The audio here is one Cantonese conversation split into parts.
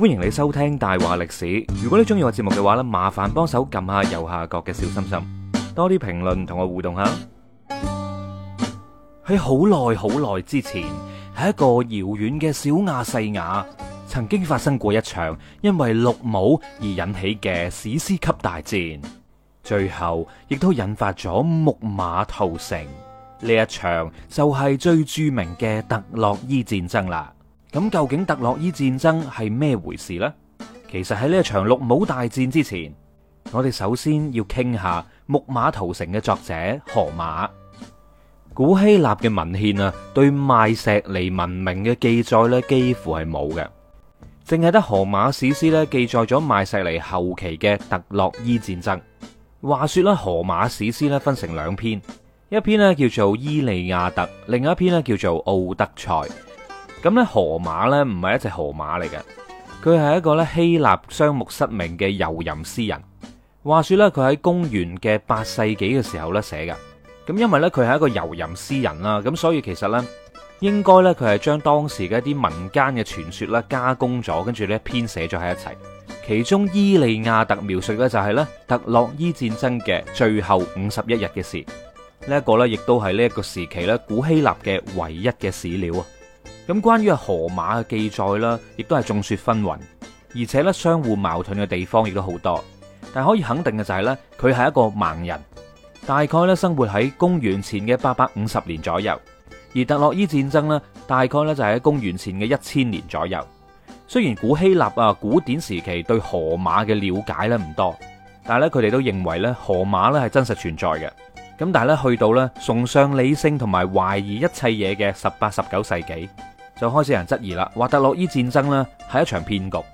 歡迎你收聽大話歷史。如果你中意我節目嘅話咧，麻煩幫手撳下右下角嘅小心心，多啲評論同我互動下。喺好耐好耐之前，喺一個遙遠嘅小亞細亞，曾經發生過一場因為綠帽而引起嘅史詩級大戰，最後亦都引發咗木馬屠城呢一場，就係最著名嘅特洛伊戰爭啦。咁究竟特洛伊戰爭係咩回事呢？其實喺呢一場綠帽大戰之前，我哋首先要傾下《木馬屠城》嘅作者荷馬。古希臘嘅文獻啊，對邁錫尼文明嘅記載呢，幾乎係冇嘅，淨係得荷馬史詩呢記載咗邁錫尼後期嘅特洛伊戰爭。話說啦，荷馬史詩呢分成兩篇，一篇呢叫做《伊利亞特》，另一篇呢叫做《奧德賽》。咁咧，荷馬咧唔係一隻河馬嚟嘅，佢係一個咧希臘雙目失明嘅遊吟詩人。話說咧，佢喺公元嘅八世紀嘅時候咧寫嘅。咁因為咧佢係一個遊吟詩人啦，咁所以其實咧應該咧佢係將當時嘅一啲民間嘅傳說咧加工咗，跟住咧編寫咗喺一齊。其中《伊利亞特》描述嘅就係咧特洛伊戰爭嘅最後五十一日嘅事。呢一個咧亦都係呢一個時期咧古希臘嘅唯一嘅史料啊。咁關於荷馬嘅記載啦，亦都係眾說紛紜，而且咧相互矛盾嘅地方亦都好多。但可以肯定嘅就係咧，佢係一個盲人，大概咧生活喺公元前嘅八百五十年左右。而特洛伊戰爭呢，大概咧就係喺公元前嘅一千年左右。雖然古希臘啊古典時期對荷馬嘅了解咧唔多，但係咧佢哋都認為咧荷馬咧係真實存在嘅。咁但係咧，去到呢，崇尚理性同埋懷疑一切嘢嘅十八、十九世紀，就開始有人質疑啦。話特洛伊戰爭呢，係一場騙局，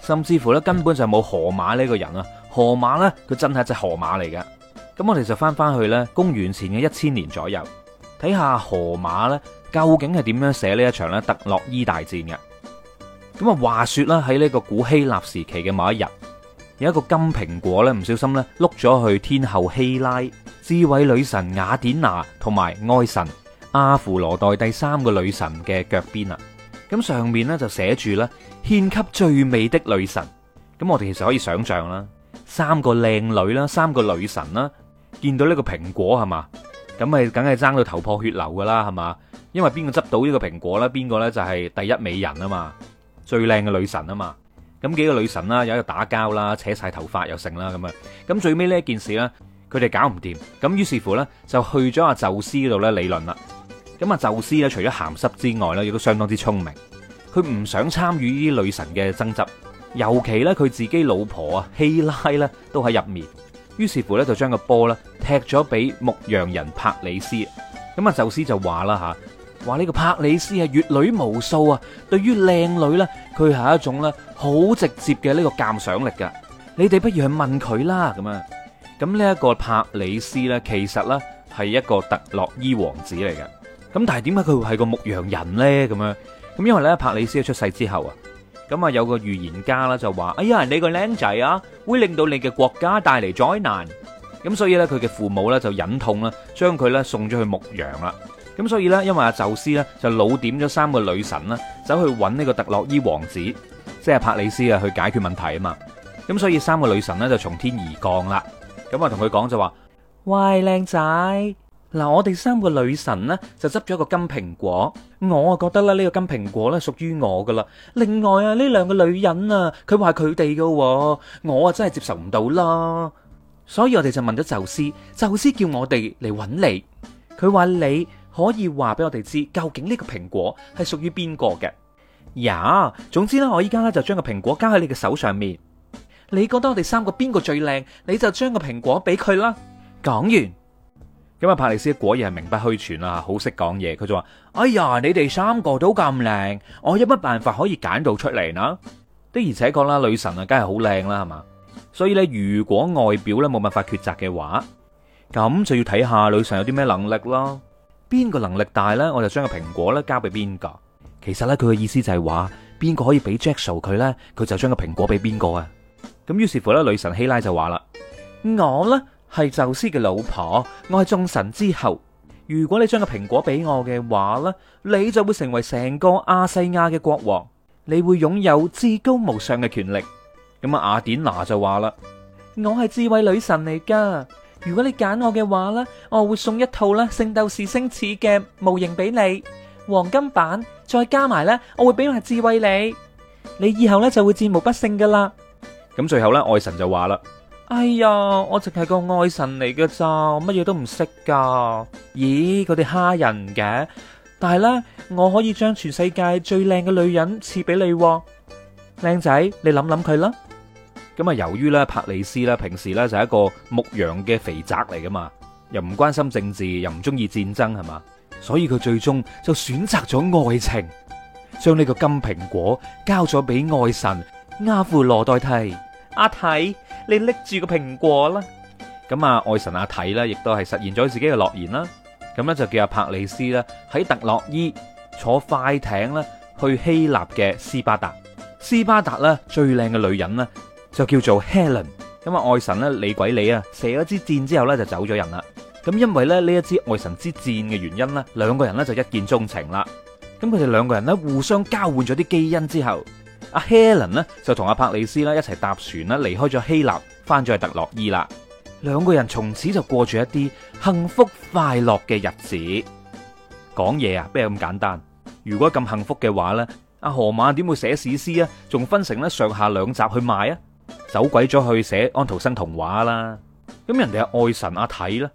甚至乎呢，根本就冇河馬呢個人啊。河馬呢，佢真係一隻河馬嚟㗎。咁我哋就翻翻去呢，公元前嘅一千年左右，睇下河馬呢，究竟係點樣寫呢一場呢特洛伊大戰嘅。咁啊，話說啦，喺呢個古希臘時期嘅某一日，有一個金蘋果呢，唔小心呢碌咗去天后希拉、智慧女神雅典娜同埋愛神阿芙羅黛第三個女神嘅腳邊啊，咁上面呢就寫住咧獻給最美的女神，咁我哋其實可以想象啦，三個靚女啦，三個女神啦，見到呢個蘋果係嘛，咁咪梗係爭到頭破血流噶啦係嘛，因為邊個執到呢個蘋果啦，邊個呢？就係第一美人啊嘛，最靚嘅女神啊嘛，咁幾個女神啦喺度打交啦，扯晒頭髮又成啦咁啊，咁最尾呢件事呢。佢哋搞唔掂，咁於是乎呢，就去咗阿宙斯度呢理論啦。咁阿宙斯咧除咗咸濕之外呢，亦都相當之聰明。佢唔想參與呢啲女神嘅爭執，尤其呢，佢自己老婆啊希拉呢，都喺入面。於是乎呢，就將個波呢踢咗俾牧羊人帕里斯。咁阿宙斯就話啦吓，話呢個帕里斯啊，閱女無數啊，對於靚女呢，佢係一種呢好直接嘅呢個鑒賞力噶。你哋不如去問佢啦，咁啊。咁呢一個帕里斯呢，其實呢，係一個特洛伊王子嚟嘅。咁但係點解佢會係個牧羊人呢？咁樣咁因為呢，帕里斯出世之後啊，咁啊有個預言家啦就話：哎呀，你個靚仔啊，會令到你嘅國家帶嚟災難。咁所以呢，佢嘅父母呢，就忍痛啦，將佢呢，送咗去牧羊啦。咁所以呢，因為阿宙斯呢，就老點咗三個女神啦，走去搵呢個特洛伊王子，即係帕里斯啊，去解決問題啊嘛。咁所以三個女神呢，就從天而降啦。咁啊，同佢講就話：喂，靚仔，嗱，我哋三個女神呢，就執咗一個金蘋果。我啊覺得咧，呢、呢個金蘋果咧屬於我噶啦。另外啊，呢兩個女人啊，佢話佢哋噶，我啊真係接受唔到啦。所以我哋就問咗宙斯，宙斯叫我哋嚟揾你。佢話你可以話俾我哋知，究竟呢個蘋果係屬於邊個嘅。呀、yeah，總之呢，我依家呢，就將個蘋果交喺你嘅手上面。你覺得我哋三個邊個最靚，你就將個蘋果俾佢啦。講完咁啊，帕利斯果然係名不虛傳啊。好識講嘢。佢就話：哎呀，你哋三個都咁靚，我有乜辦法可以揀到出嚟呢？的而且確啦，女神啊，梗係好靚啦，係嘛。所以呢，如果外表呢冇辦法抉擇嘅話，咁就要睇下女神有啲咩能力咯，邊個能力大呢？我就將個蘋果呢交俾邊個。其實呢，佢嘅意思就係話，邊個可以俾著數佢呢？佢就將個蘋果俾邊個啊。咁於是乎咧，女神希拉就話啦：我呢，係宙斯嘅老婆，我係眾神之後。如果你將個蘋果俾我嘅話呢，你就會成為成個亞細亞嘅國王，你會擁有至高無上嘅權力。咁啊，雅典娜就話啦：我係智慧女神嚟噶。如果你揀我嘅話呢，我會送一套咧聖鬥士星矢嘅模型俾你，黃金版，再加埋呢，我會俾埋智慧你。你以後呢，就會戰無不勝噶啦。咁最後咧，愛神就話啦：哎呀，我淨係個愛神嚟嘅咋，乜嘢都唔識噶。咦，佢哋蝦人嘅，但係咧，我可以將全世界最靚嘅女人賜俾你，靚仔，你諗諗佢啦。咁啊，由於咧，帕里斯咧，平時咧就係一個牧羊嘅肥宅嚟噶嘛，又唔關心政治，又唔中意戰爭係嘛，所以佢最終就選擇咗愛情，將呢個金蘋果交咗俾愛神。阿芙羅黛蒂阿提，你拎住個蘋果啦。咁、嗯、啊，愛神阿提啦，亦都係實現咗自己嘅諾言啦。咁、嗯、咧就叫阿帕里斯啦，喺特洛伊坐快艇咧去希臘嘅斯巴達。斯巴達咧最靚嘅女人呢，就叫做 Helen。咁、嗯、為愛神咧理鬼你啊，射一支箭之後咧就走咗人啦。咁、嗯、因為咧呢一支愛神之箭嘅原因呢，兩個人咧就一見鍾情啦。咁佢哋兩個人咧互相交換咗啲基因之後，阿 Helen 咧就同阿帕里斯啦一齊搭船啦，離開咗希臘，翻咗去特洛伊啦。兩個人從此就過住一啲幸福快樂嘅日子。講嘢啊，唔係咁簡單？如果咁幸福嘅話咧，阿河馬點會寫史詩啊？仲分成咧上下兩集去賣啊？走鬼咗去寫安徒生童話啦。咁人哋阿愛神阿睇啦，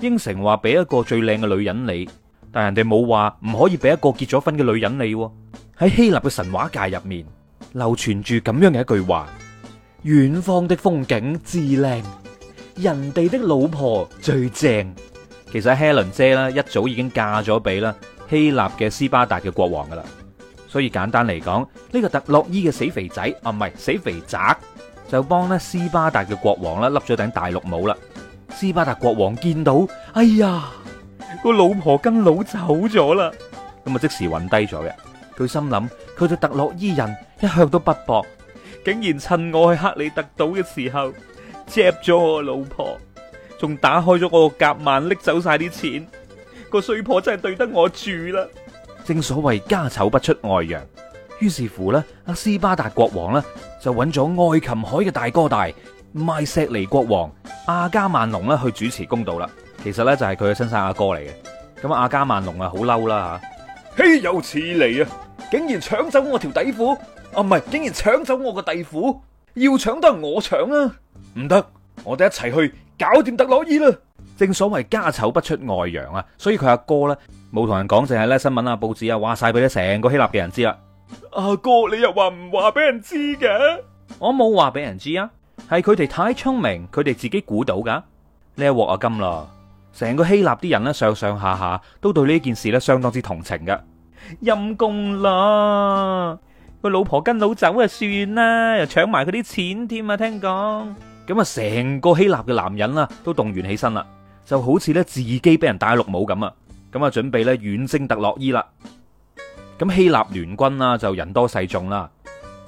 應承話俾一個最靚嘅女人你，但係人哋冇話唔可以俾一個結咗婚嘅女人你喎、啊。喺希臘嘅神話界入面。流傳住咁樣嘅一句話：遠方的風景至靚，人哋的老婆最正。其實 Helen 姐啦，一早已經嫁咗俾啦希臘嘅斯巴達嘅國王噶啦。所以簡單嚟講，呢個特洛伊嘅死肥仔，啊唔係死肥宅，就幫呢斯巴達嘅國王啦，笠咗頂大綠帽啦。斯巴達國王見到，哎呀，個老婆跟佬走咗啦，咁啊即時搵低咗嘅。佢心諗，佢對特洛伊人一向都不薄，竟然趁我去克里特島嘅時候，夾咗我個老婆，仲打開咗我個夾萬拎走晒啲錢，個衰婆真係對得我住啦！正所謂家醜不出外揚，於是乎咧，阿斯巴達國王咧就揾咗愛琴海嘅大哥大邁錫尼國王阿加曼農啦去主持公道啦。其實咧就係佢嘅親生阿哥嚟嘅。咁阿加曼農啊，好嬲啦吓！豈有此理啊！竟然搶走我條底褲啊！唔係，竟然搶走我個底褲，要搶都係我搶啊！唔得，我哋一齊去搞掂特洛伊啦！正所謂家醜不出外揚啊，所以佢阿哥呢，冇同人講，淨係呢新聞啊、報紙啊，話晒俾咧成個希臘嘅人知啦。阿哥，你又話唔話俾人知嘅？我冇話俾人知啊，係佢哋太聰明，佢哋自己估到噶。呢一鑊阿金啦，成個希臘啲人呢，上上下下都對呢件事呢相當之同情嘅。陰功啦，個老婆跟老走啊，算啦，又搶埋佢啲錢添啊。聽講咁啊，成個希臘嘅男人啊，都動員起身啦，就好似咧自己俾人戴綠帽咁啊。咁啊，準備咧遠征特洛伊啦。咁希臘聯軍啊，就人多勢眾啦，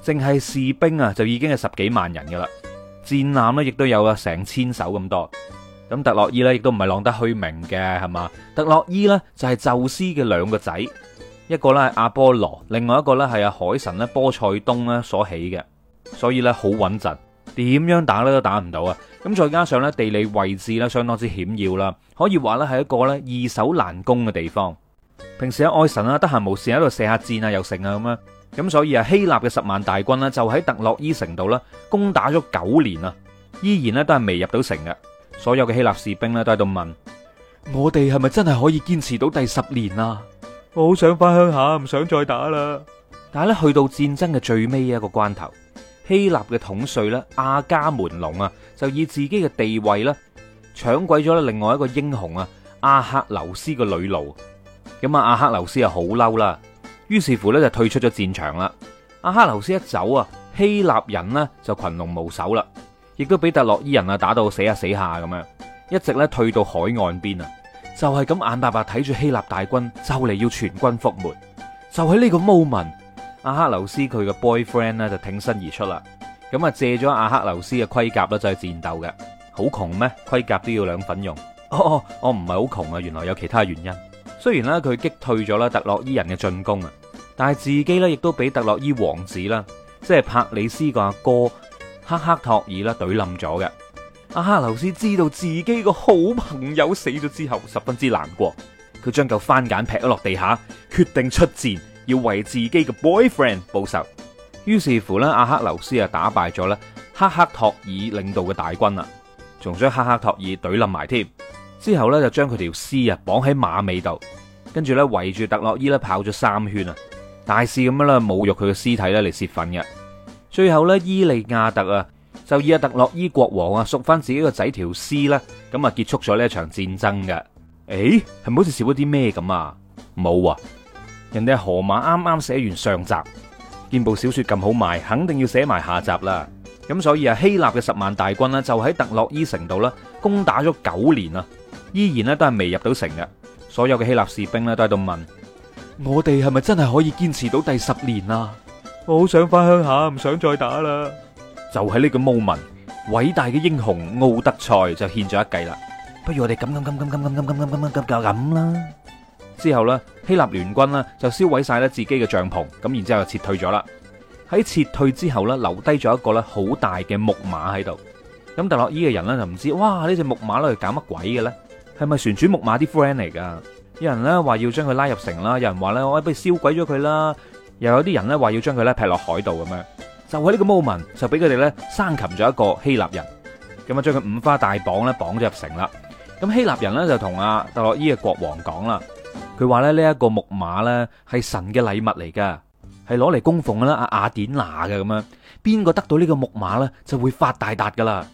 淨係士兵啊，就已經係十幾萬人噶啦，戰艦呢，亦都有啊，成千艘咁多。咁特洛伊呢，亦都唔係浪得虛名嘅，係嘛？特洛伊呢，就係宙斯嘅兩個仔。一個咧係阿波羅，另外一個咧係阿海神咧波塞冬咧所起嘅，所以咧好穩陣，點樣打咧都打唔到啊！咁再加上咧地理位置咧相當之險要啦，可以話咧係一個咧易守難攻嘅地方。平時阿愛神啦，得閒無事喺度射下箭啊，又成啊咁樣。咁所以啊，希臘嘅十萬大軍呢，就喺特洛伊城度啦，攻打咗九年啊，依然咧都係未入到城嘅。所有嘅希臘士兵咧都喺度問：我哋係咪真係可以堅持到第十年啊？我好想翻鄉下，唔想再打啦。但係咧，去到戰爭嘅最尾一個關頭，希臘嘅統帥咧，亞加門龍啊，就以自己嘅地位咧，搶鬼咗另外一個英雄啊，阿克琉斯嘅女奴。咁、嗯、啊，阿克琉斯啊，好嬲啦。於是乎咧，就退出咗戰場啦。阿克琉斯一走啊，希臘人咧就群龍無首啦，亦都俾特洛伊人啊打到死下、啊、死下咁樣，一直咧退到海岸邊啊。就係咁眼白白睇住希臘大軍就嚟要全軍覆沒，就喺呢個 moment，阿克琉斯佢嘅 boyfriend 咧就挺身而出啦，咁啊借咗阿克琉斯嘅盔甲啦就係戰鬥嘅。好窮咩？盔甲都要兩份用，哦哦，我唔係好窮啊，原來有其他原因。雖然呢，佢擊退咗啦特洛伊人嘅進攻啊，但係自己呢，亦都俾特洛伊王子啦，即係帕里斯個阿哥赫克托爾啦懟冧咗嘅。阿克琉斯知道自己個好朋友死咗之後，十分之難過。佢將嚿番梘劈咗落地下，決定出戰，要為自己嘅 boyfriend 報仇。於是乎咧，阿克琉斯啊打敗咗咧赫克托爾領導嘅大軍啦，仲將赫克托爾懟冧埋添。之後呢，就將佢條屍啊綁喺馬尾度，跟住呢圍住特洛伊呢跑咗三圈啊，大肆咁樣咧侮辱佢嘅屍體咧嚟泄憤嘅。最後呢，伊利亞特啊。就以阿特洛伊國王啊贖翻自己個仔條屍啦，咁啊結束咗呢一場戰爭嘅。誒、欸，係咪好似少咗啲咩咁啊？冇啊，人哋係河馬啱啱寫完上集，見部小說咁好賣，肯定要寫埋下集啦。咁所以啊，希臘嘅十萬大軍呢，就喺特洛伊城度啦，攻打咗九年啊，依然呢，都係未入到城嘅。所有嘅希臘士兵呢，都喺度問，我哋係咪真係可以堅持到第十年啊？我好想翻鄉下，唔想再打啦。就喺呢個 moment，偉大嘅英雄奧德賽就獻咗一計啦。不如我哋咁咁咁咁咁咁咁咁咁咁咁咁咁咁啦。之後咧，希臘聯軍咧就燒毀晒咧自己嘅帳篷，咁然之後就撤退咗啦。喺撤退之後咧，留低咗一個咧好大嘅木馬喺度。咁特洛伊嘅人咧就唔知，哇呢隻木馬攞嚟搞乜鬼嘅咧？係咪旋轉木馬啲 friend 嚟噶？有人咧話要將佢拉入城啦，有人話咧我不如燒鬼咗佢啦，又有啲人咧話要將佢咧劈落海度咁樣。就喺呢個 moment，就俾佢哋咧生擒咗一個希臘人，咁啊將佢五花大綁咧綁咗入城啦。咁希臘人咧就同阿、啊、特洛伊嘅國王講啦，佢話咧呢一、這個木馬咧係神嘅禮物嚟噶，係攞嚟供奉啦阿、啊、雅典娜嘅咁樣，邊個得到呢個木馬咧就會發大達噶啦。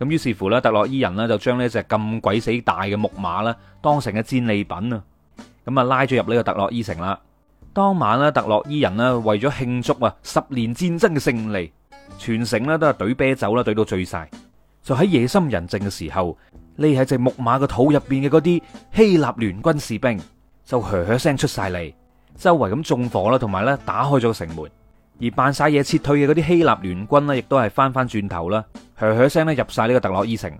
咁於是乎咧，特洛伊人呢，就將呢隻咁鬼死大嘅木馬咧當成一戰利品啊，咁啊拉咗入呢個特洛伊城啦。當晚咧，特洛伊人咧為咗慶祝啊十年戰爭嘅勝利，全城咧都係懟啤酒啦，懟到醉晒。就喺夜深人靜嘅時候，匿喺隻木馬嘅肚入邊嘅嗰啲希臘聯軍士兵就噓噓聲出晒嚟，周圍咁縱火啦，同埋咧打開咗城門。而扮晒嘢撤退嘅嗰啲希臘聯軍咧，亦都係翻翻轉頭啦，噓噓聲咧入晒呢個特洛伊城。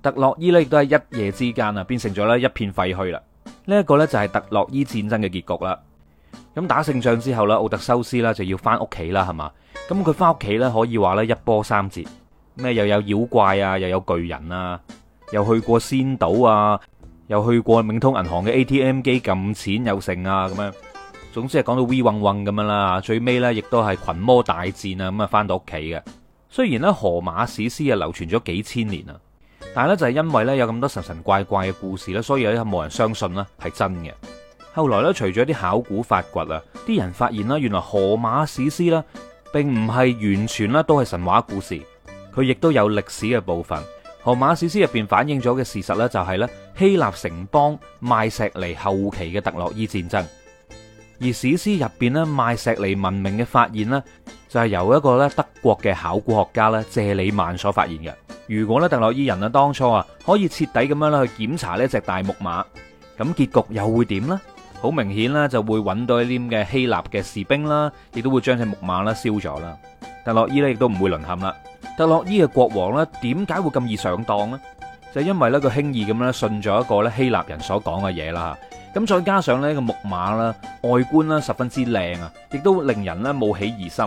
特洛伊亦都係一夜之間啊，變成咗咧一片廢墟啦。呢一個咧就係特洛伊戰爭嘅結局啦。咁打勝仗之後啦，奧特修斯啦就要翻屋企啦，係嘛？咁佢翻屋企咧，可以話咧一波三折，咩又有妖怪啊，又有巨人啊，又去過仙島啊，又去過冥通銀行嘅 ATM 機撳錢又成啊，咁樣，總之係講到 we 混混咁樣啦。最尾咧，亦都係群魔大戰啊，咁啊翻到屋企嘅。雖然咧《荷馬史詩》啊流傳咗幾千年啊，但係咧就係因為咧有咁多神神怪怪嘅故事咧，所以咧冇人相信咧係真嘅。後來咧，除咗啲考古發掘啊，啲人發現啦，原來荷馬史詩啦，並唔係完全啦都係神話故事，佢亦都有歷史嘅部分。荷馬史詩入邊反映咗嘅事實呢，就係咧希臘城邦邁錫尼後期嘅特洛伊戰爭。而史詩入邊呢，邁錫尼文明嘅發現呢，就係由一個咧德國嘅考古學家咧謝里曼所發現嘅。如果咧特洛伊人呢當初啊可以徹底咁樣咧去檢查呢隻大木馬，咁結局又會點呢？好明顯啦，就會揾到一啲嘅希臘嘅士兵啦，亦都會將隻木馬啦燒咗啦。特洛伊呢亦都唔會淪陷啦。特洛伊嘅國王呢點解會咁易上當呢？就因為呢佢輕易咁樣信咗一個咧希臘人所講嘅嘢啦。咁再加上呢個木馬啦外觀呢十分之靚啊，亦都令人呢冇起疑心。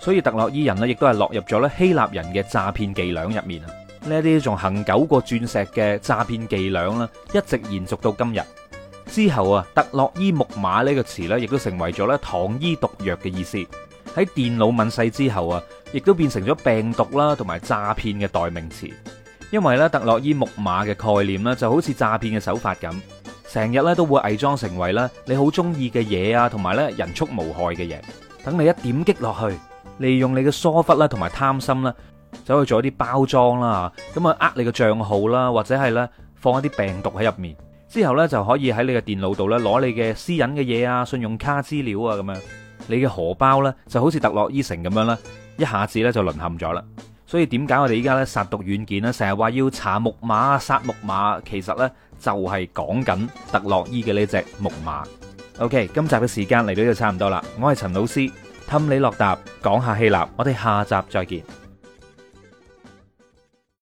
所以特洛伊人呢亦都係落入咗咧希臘人嘅詐騙伎倆入面啊！呢啲仲恆久過鑽石嘅詐騙伎倆啦，一直延續到今日。之後啊，特洛伊木馬呢個詞呢，亦都成為咗咧糖衣毒藥嘅意思。喺電腦問世之後啊，亦都變成咗病毒啦同埋詐騙嘅代名詞。因為呢，特洛伊木馬嘅概念呢，就好似詐騙嘅手法咁，成日呢都會偽裝成為咧你好中意嘅嘢啊，同埋咧人畜無害嘅嘢，等你一點擊落去，利用你嘅疏忽啦同埋貪心啦，走去做一啲包裝啦，咁啊呃你個賬號啦，或者係咧放一啲病毒喺入面。之後咧就可以喺你嘅電腦度咧攞你嘅私隱嘅嘢啊，信用卡資料啊，咁樣你嘅荷包呢就好似特洛伊城咁樣啦，一下子咧就淪陷咗啦。所以點解我哋依家呢殺毒軟件呢？成日話要查木馬殺木馬，其實呢就係講緊特洛伊嘅呢隻木馬。OK，今集嘅時間嚟到就差唔多啦。我係陳老師，氹你落答講下希臘，我哋下集再見。